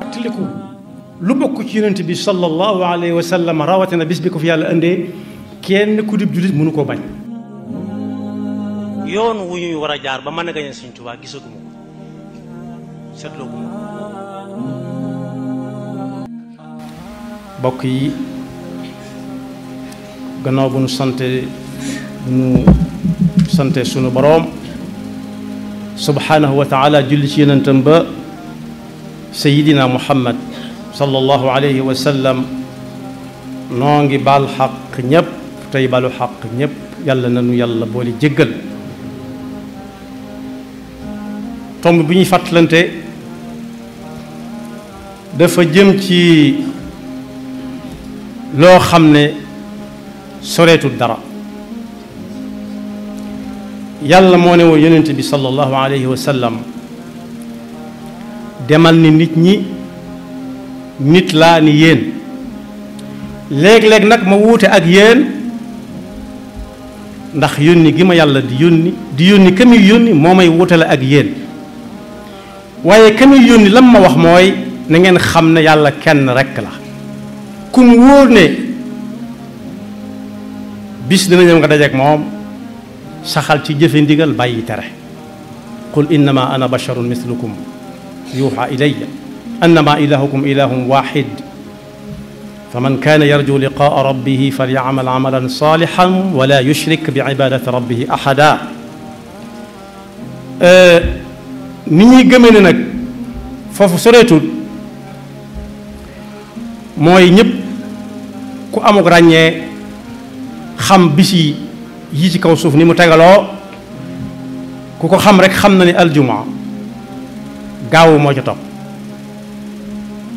fàttaliku lu bokk ci yonent bi sallallahu alayhi wa sallam rawatina bis bi ko fi yàlla indee kenn ku dib jullit mënu koo bañ. yoon wu ñuy war a jaar ba mën a gañe Sëñ Tuubaa gisaguma ko seetlooguma ko. mbokk yi gannaaw bu nu sante nu sante sunu boroom subhaanahu wa taala julli ci yonentam ba. سيدنا محمد صلى الله عليه وسلم نونغي بال حق نيب تاي بالو حق نيب يالا نانو يالا بولي جيغل توم بي ني فاتلانتي دا فا جيم تي لو خامني سوريتو دارا يالا مو نيو يونتي بي صلى الله عليه وسلم demal ni nit ñi nit la ni yeen leg leg nak ma wuté ak yéen ndax yónni gi ma yàlla di yónni di yónni kami muy yónni moo may wutale ak yéen waye kami muy yónni lam ma wax moy na ngeen xam ne yàlla kenn rek la kum wóor ne bis dina ñëw nga dajé ak mom saxal ci jëfe ndigal bàyyi tere قل إنما أنا بشر مثلكم يوحى إلي أنما إلهكم إله واحد فمن كان يرجو لقاء ربه فليعمل عملا صالحا ولا يشرك بعبادة ربه أحدا من أه، جمعنا نك ففسرتو موي نيب كو أمو راني خم بيسي يجي كوسوف ني متغلو كو خم رك خم ناني الجمعه gaawu moo ca topp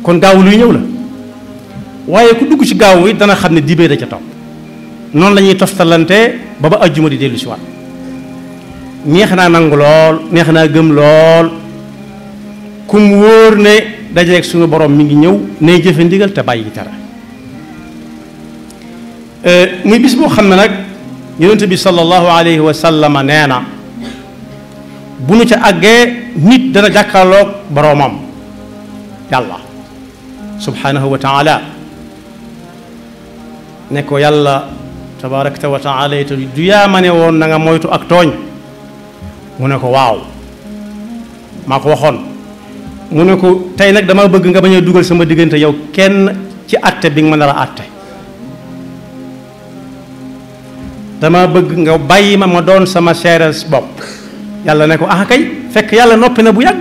kon gaawu luy ñëw la waaye ku dugg ci gaawu yi dana xam ne dibee da ca topp noonu lañuy ñuy toftalante ba ba ajjuma di dellu si waat neex naa nangu lool neex naa gëm lool kum wóor ne dajeeg suñu boroom mi ngi ñëw nay jëfe ndigal te bàyyi tara euh, muy bis boo xam ne nag yonente bi sallallahu alayhi wa sallama nee bu nu ca àggee nit dana jàkkaarloog boroomam yàlla subhanahu wa taala ne ko yàlla tabarakta wa taala it du yaa ma ne woon na nga moytu ak tooñ mu ne ko waaw maa ko waxoon mu ne ko tey nag dama bëgg nga bañ a dugal sama diggante yow kenn ci atte bi nga ma nar a atte dama bëgg nga bàyyi ma ma doon sama seeres bopp yàlla ne ko ah fekk yàlla noppi na bu yàgg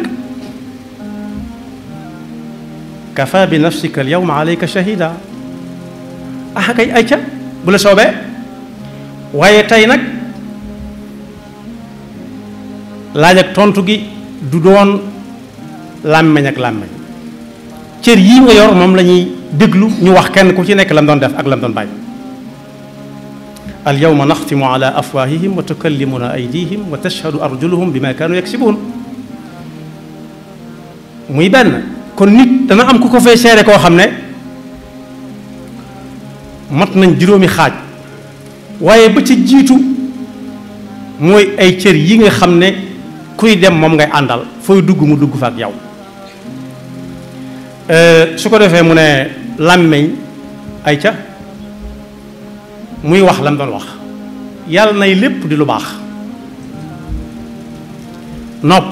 kafa bi nafsika al yawma alayka shahida ah kay ayca bu la soobee waaye tey nag laaj ak tontu gi du doon làmmeñ ak làmmeñ cër yii nga yor moom la ñuy déglu ñu wax kenn ku ci nekk lam doon def ak lam doon bàyyi اليوم نختم على أفواههم وتكلمنا أيديهم وتشهد أرجلهم بما كانوا يكسبون muy benn kon nit dana am ku ko fee seere koo xam ne mat nañ juróomi xaaj waaye ba ca jiitu mooy ay cër yi nga xam ne kuy dem moom ngay àndal fooy dugg mu dugg fa ak yow su ko defee mu ne làmmeñ ay ca muy wax lam doon wax yàlla nay lépp di lu baax nopp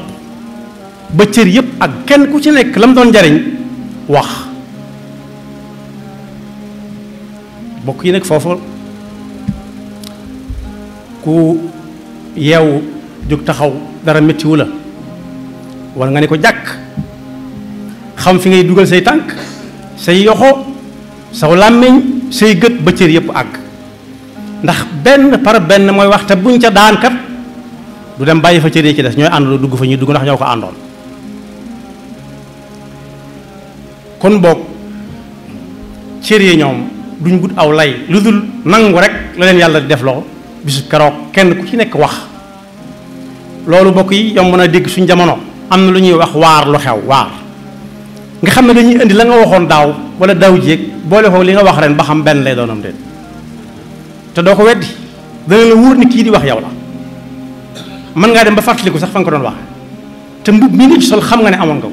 ba cër yépp ak kenn ku ci nekk lam doon jariñ wax bokk yi foofu ku yeewu jóg taxaw dara méttiwu la war nga ne ko jàkk xam fi ngay dugal say tànk say yoxo saw làmmiñ say gët ba yépp àgg ndax benn par benn mooy wax te buñ ca daan kat du dem bàyyi fa cëree ci des ñooy àndandoo dugg fa ñuy dugg ndax ñoo ko àndoon kon boog cëree ñoom duñ gut aw lay lu dul nangu rek la leen yàlla def loo bisu keroog kenn ku ci nekk wax loolu mbokk yi yomb na dégg suñ jamono am na lu ñuy wax waar lu xew waar nga xam ne dañuy indi la nga waxoon daaw wala daaw jéeg boole ko li nga wax ren ba xam benn lay doonam déet te doo ko weddi dana la wóor ni kii di wax yow la mën ngaa dem ba fàttaliku sax fa nga ko doon wax te mbub mii nga ci sol ne amoon nga ko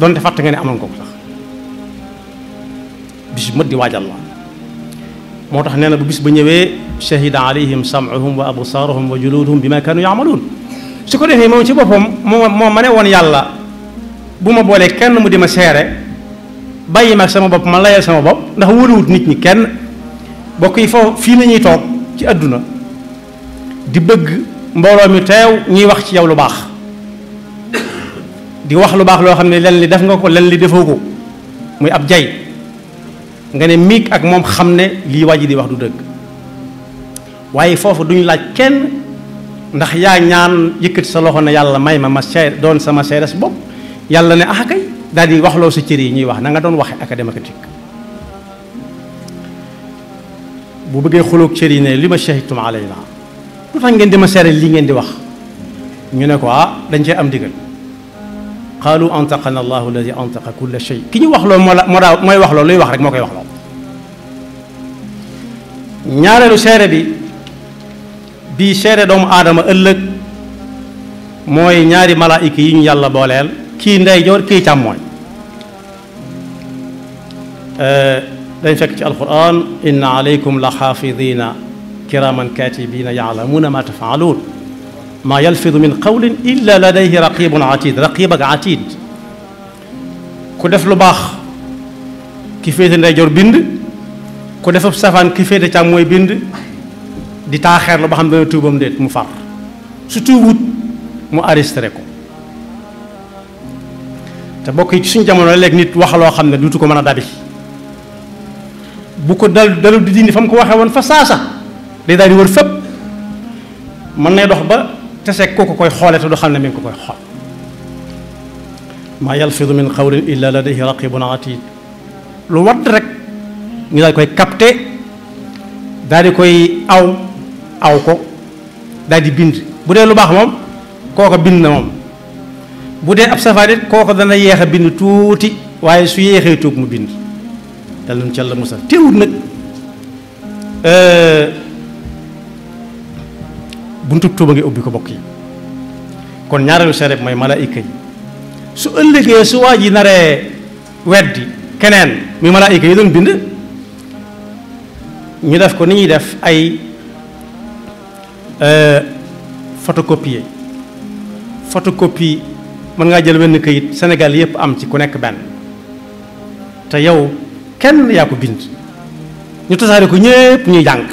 donte fàtte nga ne amoon nga mat di waajal la moo tax nee na bu bis ba ñëwee shahida alayhim sam'uhum wa absaaruhum wa bi bima kaanu yaamaluun su ko defee moom ci boppam moo moo ma ne woon yàlla bu ma boolee kenn mu di ma seere bàyyi ma sama bopp ma layal sama bopp ndax wóoluwut nit ñi kenn bokk yi foofu fii lañuy toog ci àdduna di bëgg mbooloo mi teew ñuy wax ci yow lu baax di wax lu baax loo xam ne lenn li def nga ko lenn li defoo ko muy ab jay nga ne miig ak moom xam ne lii waa ji di wax du dëgg waaye foofu duñu laaj kenn ndax yaa ñaan yëkkati sa loxo ne yàlla may ma ma seer doon sama seeres bopp yàlla ne ah kay daal di waxloo sa cër yi ñuy wax na nga doon waxe académique bu bëggee xuloog cër yi ne li ma shahidtum alayna lu tax ngeen di ma seere li ngeen di wax ñu ne ko ah dañ cee am digal qaalu antaqana allahu alladi antaqa kulla shay ki ñu wax loolu moo la moo mooy wax loolu luy wax rek moo koy wax loolu ñaareelu seere bi bii seere doomu aadama ëllëg mooy ñaari malaayika yi ñu yàlla booleel kii ndeyjoor kii càmmooñ دين فك القرآن إن عليكم لحافظين كراما كاتبين يعلمون ما تفعلون ما يلفظ من قول إلا لديه رقيب عتيد رقيب عتيد كو ديف لو باخ كيفيت ناي جور بيند كو ديف سفان كيفيت تا موي بيند دي تاخير لو بخام دا توبم ديت مو فار سو توبوت مو اريستري كو تا بوكي سي جامونو ليك نيت واخ لو خامني دوتو كو مانا دابي bu ko dal dalu di dindi fa mu ko waxee woon fa saasa day daal di wër fépp mën nay dox ba teseeg ko koy xoole te du xam ne mi ko koy xool maa yalfidu min qawlin illa ladayhi raqibun atid lu watt rek ñu daal koy kapte daal di koy aw aw ko dal di bind bu dee lu baax moom kooko bind na moom bu dee ab safaanit kooko dana yeex a bind tuuti waaye su yéexee tuub mu bind yàlla na ci yàlla musal teewul nag euh, buntu tuuba ngi ubbi ko bokk yi kon ñaareelu seere mooy malaayika yi su ëllëgee su waa ji naree weddi keneen muy malaayika yi doon bind ñu def ko ni ñuy def ay euh, photocopier photocopie mën ngaa jël wenn kayit Sénégal yëpp am ci ku nekk benn te yow kenn yaa ko bind ñu tasaare ko ñépp ñuy jàng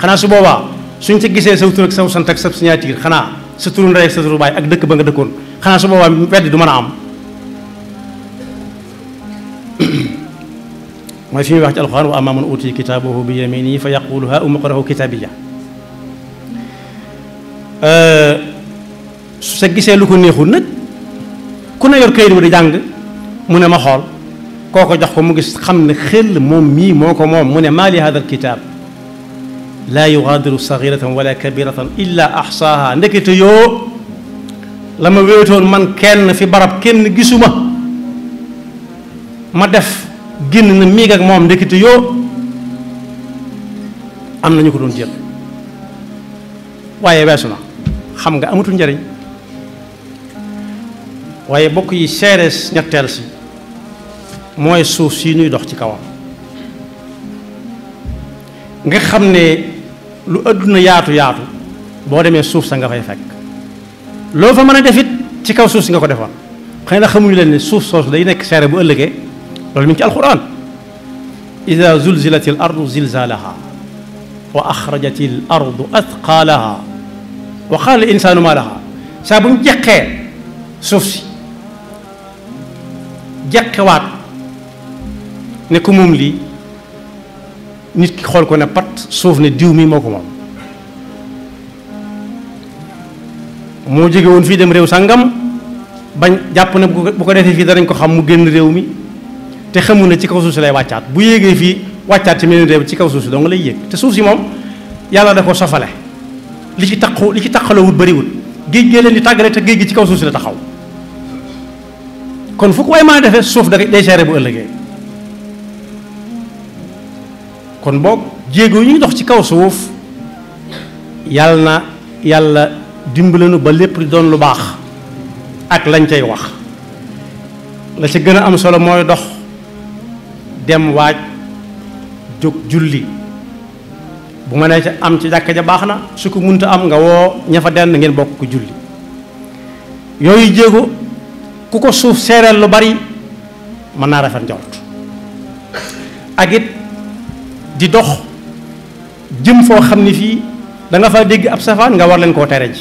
xanaa su boobaa suñ ca gisee saw tur ak saw sa signature xanaa sa turu ndey ak baay ak dëkk ba nga dëkkoon xanaa su boobaa weddi du mën a am mooy fi wax ci alxuraan wa ammaa man uutiya kitaabahu bi yaminihi fa yaquulu haa'umu iqra'u kitaabiya su sa gisee lu ko neexul nag ku ne yor kayit bi di jàng mu ne ma xool كوكو جاخو موغيس خامن خيل موم مي موكو موم مون مالي هذا الكتاب لا يغادر صغيرة ولا كبيرة إلا أحصاها نكتو يو لما ويتون من كان في برب كن جسوما ما دف جن ميغاك موم نكتو يو أمنا نكتون جيب waye wessuna xam nga amutu njariñ waye bokk yi ñettel si moy souf si ñuy dox ci kawam nga xamne lu aduna yaatu yaatu bo démé souf sa nga fay fekk lo fa mëna defit ci kaw souf si nga ko defoon xeyna na xamuñu leen ni souf soosu day nekk xéré bu ëllëgé lolou mi ci alquran ida zulzilati l ardu zilzalaha wa axrajati l ardu atqaalaha wa qaala l insaanu maa laha saa bu ñu jeqee suuf si ne ko moom lii nit ki xool ko ne pat suuf ne diw mi moo ko moom moo jóge woon fii dem réew sàngam bañ jàpp ne bu ko defee fii danañ ko xam mu génn réew mi te xamul ne ci kaw suuf si lay wàccaat bu yéegee fii wàccaat ci meneen réew ci kaw suuf si dong lay yéeg te suuf si moom yàlla da ko safale li ci taqu li ci taqaloo wut bëriwul géej gee leen di tàggale te géej gi ci kaw suuf si la taxaw kon fu ko waay mën defee suuf da day seere bu ëllëgee kon boog jéego yi ñu dox ci kaw suuf yàlla na yàlla dimbalanu ba lépp di doon lu baax ak lañ cay wax la ci gën a am solo mooy dox dem waaj jóg julli bu ma nee ca am ci jàkka ja baax na su ko munta am nga woo ña fa dend ngeen bokk ko julli yooyu jéego ku ko suuf seereel lu bari mën naa rafet njort ak di dox jëm foo xam ni fii da nga fa dégg ab safaan nga war leen koo tere ji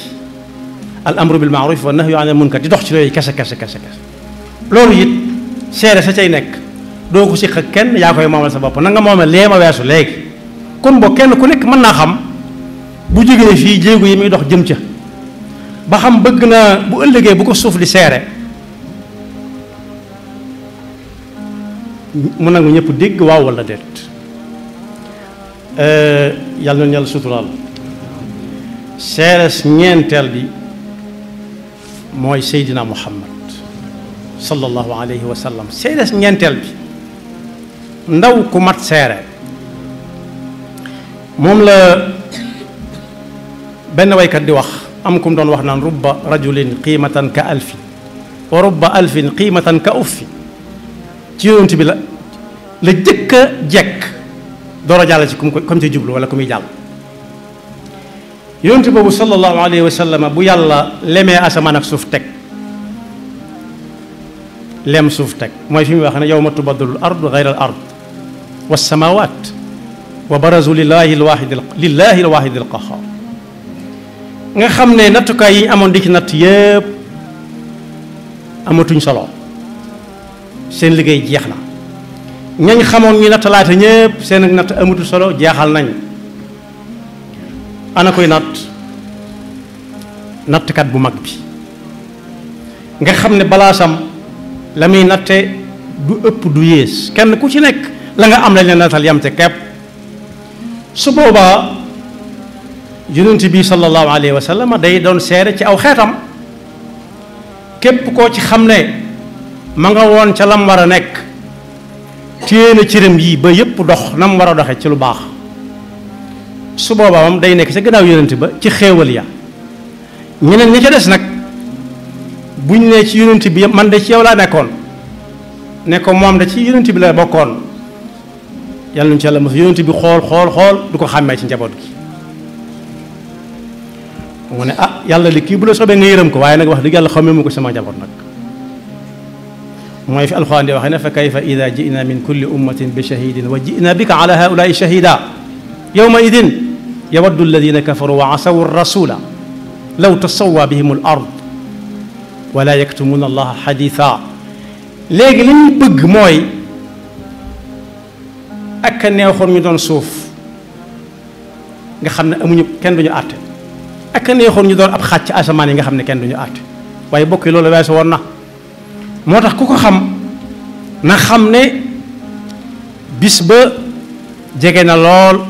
al amru bil ma'ruf wa nahyu anil munkar di dox ci loolu kese kese kese kese loolu it seere sa cay nekk doo ko siq kenn yaa koy moomal sa bopp na nga moomee lee ma weesu léegi kon bo kenn ku nekk mën naa xam bu jógee fii jéego yi muy dox jëm ca ba xam bëgg na bu ëllëgee bu ko suuf di seere mu nangu ñëpp dégg waaw wala déet yàlla na yàlla suturaal seeres ñeenteel bi mooy Seydina Muhammad sallallahu alayhi wa sallam seeres ñeenteel bi ndaw ku mat seere moom la benn waykat di wax am kum doon wax naan rubba rajulin qiimatan ka alfi wa rubba alfin qiimatan ka uffi ci yonent bi la la jëkk a jekk door a jàll ci kum comme ci jublu wala ku muy jàll yonent boobu sallallahu alayhi wa sallam bu yàlla lemee asamaan ak suuf teg lem suuf teg mooy fi muy wax ne yawma tubaddalu al ardu gayra al ard wa samawaat wa barazu lillahi lwaxidi lillahi lwaxidi al qaxaar nga xam ne nattukaay yi amoon di ci natt yëpp amatuñ solo seen liggéey jeex na ñañ xamoon ñi nattalaate ñépp seen ak natt amatu solo jaaxal nañ ana koy natt nattkat bu mag bi nga xam ne balaasam la muy natte du ëpp du yées kenn ku ci nekk la nga am lañ la nattal yam te kepp su boobaa yonent bii sallallahu alayhi wa sallam day doon seere ci aw xeetam képp koo ci xam ne ma nga woon ca lam war a nekk téye na cëram yi ba yépp dox na mu war a doxe ci lu baax su boobaa moom day nekk ca gannaaw yonent ba ci xéewal ya ñeneen ña ca des nag buñ ne ci yonent bi man de ci yow laa nekkoon ne moom de ci yonent bi la bokkoon yàlla nañu ci yàlla mos yonent bi xool xool xool du ko xàmmee ci njaboot gi mu ne ah yàlla li bu la sobee nga yërëm ko waaye nag wax dëgg yàlla xamee mu ko sama njaboot nag ما في القرآن دي وخنا فكيف إذا جئنا من كل أمة بشهيد وجئنا بك على هؤلاء شهيدا يومئذ يود الذين كفروا وعصوا الرسول لو تصوى بهم الأرض ولا يكتمون الله حديثا لين بق موي أكن يخون يدون صوف نخمن أمني كن دون أرت أكن يخون يدون أبخات أسماني نخمن كن دون أرت ويبكي لولا بس ورنا moo tax ku ko xam na xam ne bis ba jege na lool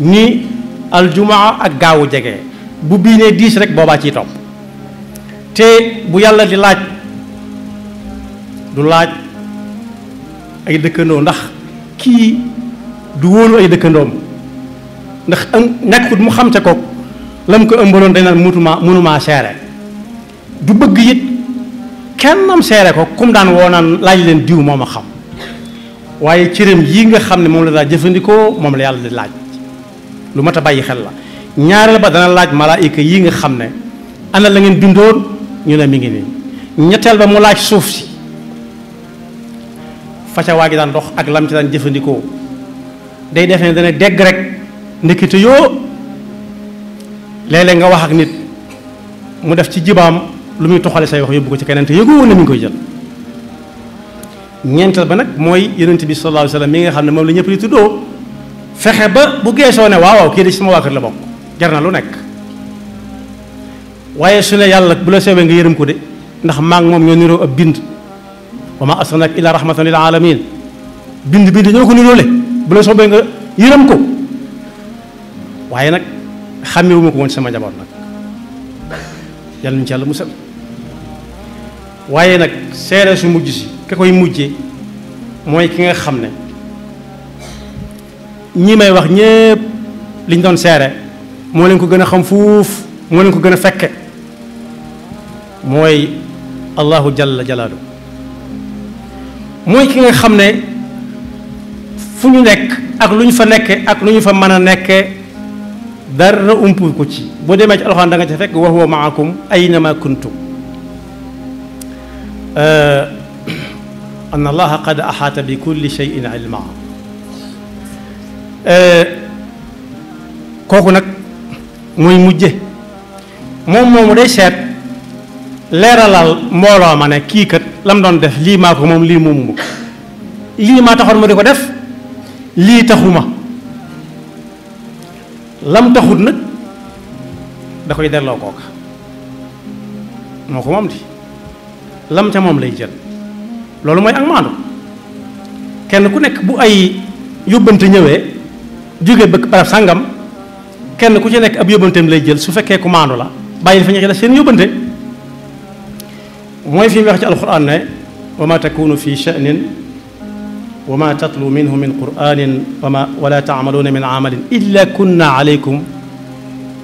ni aljumaa ak gaawu jege bu bii nee diis rek boobaa ciy topp te bu yàlla di laaj du laaj ay dëkkandoo ndax kii du wóolu ay dëkkandoom ndax am ñàkkut mu xam ca kook la mu ko ëmbaloon dañ naan mutuma mënumaa seere du bëgg yit kennam seere ko kum daan woo naan laaj leen diw moom a xam waaye cëram yi nga xam ne moom la daa jëfandikoo moom la yàlla di laaj lu mat a bàyyi xel la ñaareel ba dana laaj malaayika yi nga xam ne ana la ngeen bindoon ñu ne mi ngi nii ñetteel ba mu laaj suuf si faca waa gi daan dox ak lam ci daan jëfandikoo day defe ne dana dégg rek ndekete yoo léeg nga wax ak nit mu def ci jibaam lu muy toxale say wax yóbbu ko ci keneen te yëgoo woon ne mi moi koy jël ñeenteel ba nag mooy yonent bi sallallahu alayhi wasallam mi nga xam ne moom la ñëpp di tuddoo fexe ba bu geesoo ne waaw waaw kii sama waa la bokk jar lu nek waaye su ne yàlla bu la sewee nga yërëm ko de ndax maa ngi ñoo niroo ab bind wa ma rahmatan lil alamin bind bind ñoo ko niroole bu la soobee nga yërëm ko waaye nag xàmmewuma ko woon sama njaboot jalan yàlla ñu ci musal waaye nag seere su mujj si ka koy mujje mooy ki nga xam ne ñii may wax ñépp liñ doon seere moo leen ko gën a xam fuuf moo leen ko gën a fekke mooy allahu jalla jalaalu mooy ki nga xam ne fu ñu nekk ak lu ñu fa nekke ak lu ñu fa mën a nekke dara umpu ko ci boo demee ci alxuraan da nga ca fekk wa huwa maakum aynama kuntum آه، أن الله قد أحاط بكل شيء علما آه، كوكو نك موي موجي موم موم ري سيت ليرالال مولا ما نك كي كات لام دون ديف لي ماكو موم لي موم لي ما تاخور مو ديكو ديف لي تاخوما لام تاخوت نك داكاي ديرلو كوكا موكو مام دي lam ca moom lay jël loolu mooy ak maandu kenn ku nekk bu ay yóbbante ñëwee jóge bëgg barab sàngam kenn ku ci nekk ab yóbbanteem lay jël su fekkee ku maandu la bàyyi fa ñu def seen yóbbante mooy fi mu wax ci alquran ne wa ma takunu fi sha'nin wa tatlu minhu min quranin wa ma wala min amalin illa kunna aleykum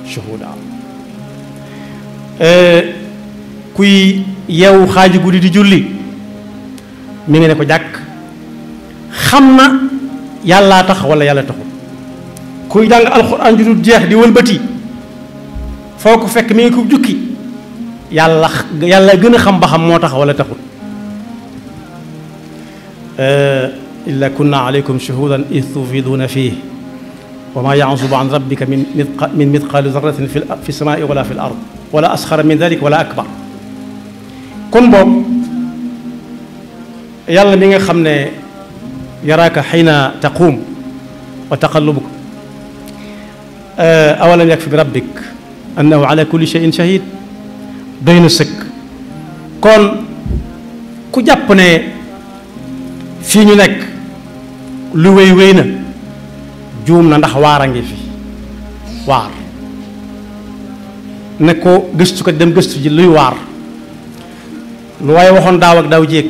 shuhuda eh, kuy yow xaaju gudi di julli mi ngi ne ko jak xamna yalla tax wala yàlla tax kuy jàng alquran di dul jeex di wëlbati foko ko fekk mi ngi ko jukki yàlla yàlla gëna xam ba xam mo tax wala taxul illa kunna alaykum shuhudan ithufiduna tufiduuna وما wa عن ربك من مثقال min min midqaali zarratin في fi ولا wala fi l ard wala asxara min dalik kon boog yàlla mi nga xam ne yaraaka xiina taquum wa taqallubuka awalam yakfi bi rabbik annahu ala kulli cheyin shahid doy na sëkk kon ku jàpp ne fii ñu nekk lu wéy wéy na juum na ndax waar a ngi fi waar ne ko gëstu ko dem gëstu ji luy waar lu waaye waxoon daaw ak daaw jéeg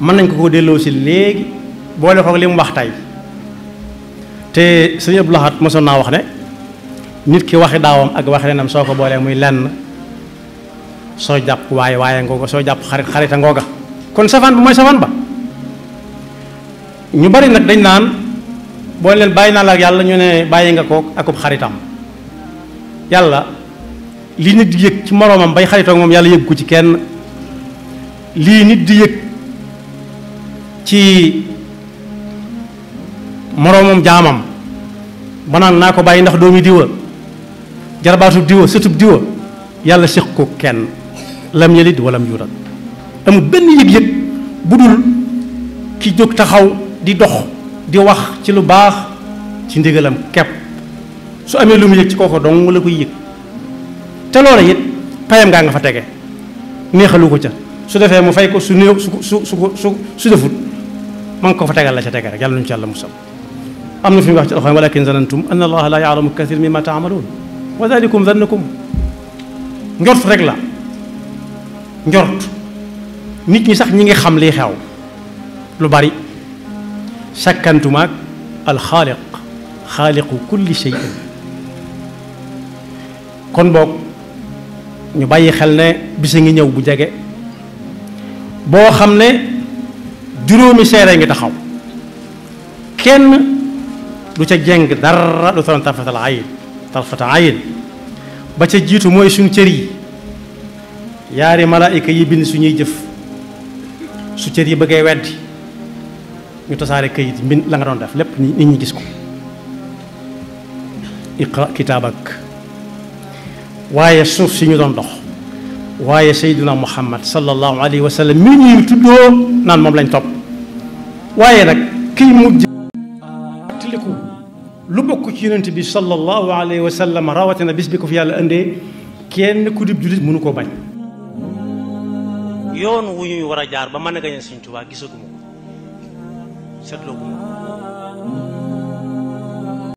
mën nañ ko ko delloosi si léegi boole ko li mu wax tey te sëñ Abdou Lahad mosoon naa wax ne nit ki waxi daawam ak waxi nenam soo ko boolee muy lenn soo jàpp waaye waaye ngooga soo jàpp xarit xarita ngooga kon safaan bi mooy safaan ba ñu bari nag dañ naan boo leen bàyyi naa la yàlla ñu ne bàyyi nga kook akub xaritam yàlla li nit di yek ci moromam bay ak mom yalla yëg ko ci kenn li nit di yek ci moromam jaamam banaan nako ko ndax doomi diwa jarbaatub diwa setup diwa yalla sheikh ko kenn lam yalid walam yurad amul benn yëg yeg bu dul ki jog taxaw di dox di wax ci lu bax ci ndigalam kep su amé lu mu yek ci koko dong wala koy yek te loola it payam gaa nga fa tege neexalu ko ca su defee mu fay ko su néew su su su su defut ma ngi ko fa tegal la ca tege rek yàlla nu ñu ci yàlla musal am na fi mu wax ci alxuraan walakin zanantum anna allaha la yaalamu kathir mimma taamaluun wa dalikum zannukum njort rek la njort nit ñi sax ñi ngi xam lii xew lu bari sakkantumaak alxaaliq xaaliqu kulli shay'in kon boog ñu bàyyi xel ne bis ngi ñëw bu jege boo xam ne juróomi seere ngi taxaw kenn du ca jeng dara du tan tarfatal ayin tarfata ayin ba ca jiitu mooy suñ cër yi yaari malaayika yi bind suñuy jëf su cër yi bëggee weddi ñu tasaare këyit mbind la nga doon def lépp nit ñi gis ko iqra kitabak. waye suuf si ñu doon dox waye sayyiduna muhammad sallallahu alayhi wa sallam mi ñuy tuddo nan mom lañ top waye nak ki mu tiliku lu bokku ci yoonte bi sallallahu alayhi wa sallam rawatina bis bi ko fi yàlla ande kenn ku dib julit mënu ko bañ yoon wu ñuy wara jaar ba man nga gañe Sëñ touba gisaguma ko setlo ko